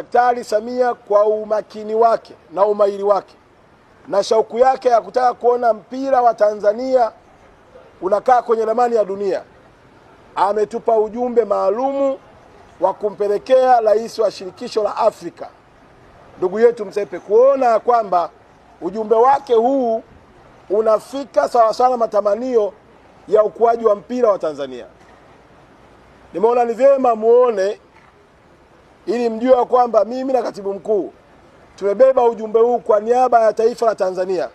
Daktari Samia kwa umakini wake na umahiri wake na shauku yake ya kutaka kuona mpira wa Tanzania unakaa kwenye ramani ya dunia ametupa ujumbe maalumu wa kumpelekea rais wa shirikisho la Afrika ndugu yetu Msepe kuona kwamba ujumbe wake huu unafika sawasawa matamanio ya ukuaji wa mpira wa Tanzania. Nimeona ni vyema muone ili mjue kwamba mimi na katibu mkuu tumebeba ujumbe huu kwa niaba ya taifa la Tanzania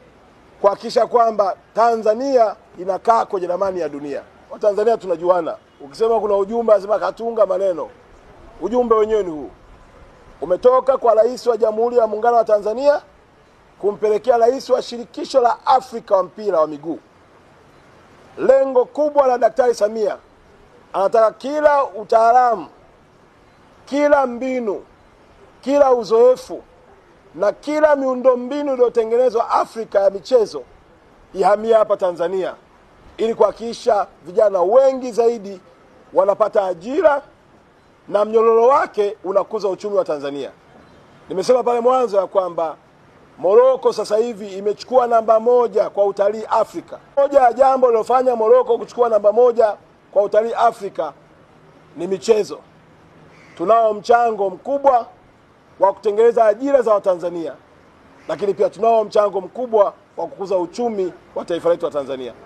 kuhakikisha kwamba Tanzania inakaa kwenye ramani ya dunia. Watanzania tunajuana, ukisema kuna ujumbe anasema katunga maneno. Ujumbe wenyewe ni huu, umetoka kwa rais wa Jamhuri ya Muungano wa Tanzania kumpelekea rais wa Shirikisho la Afrika wa mpira wa miguu. Lengo kubwa la Daktari Samia anataka kila utaalamu kila mbinu, kila uzoefu na kila miundombinu iliyotengenezwa Afrika ya michezo ihamia hapa Tanzania ili kuhakikisha vijana wengi zaidi wanapata ajira na mnyororo wake unakuza uchumi wa Tanzania. Nimesema pale mwanzo ya kwamba Moroko sasa hivi imechukua namba moja kwa utalii Afrika. Moja ya jambo lilofanya Moroko kuchukua namba moja kwa utalii Afrika ni michezo tunao mchango mkubwa wa kutengeneza ajira za Watanzania, lakini pia tunao mchango mkubwa wa kukuza uchumi wa taifa letu la Tanzania.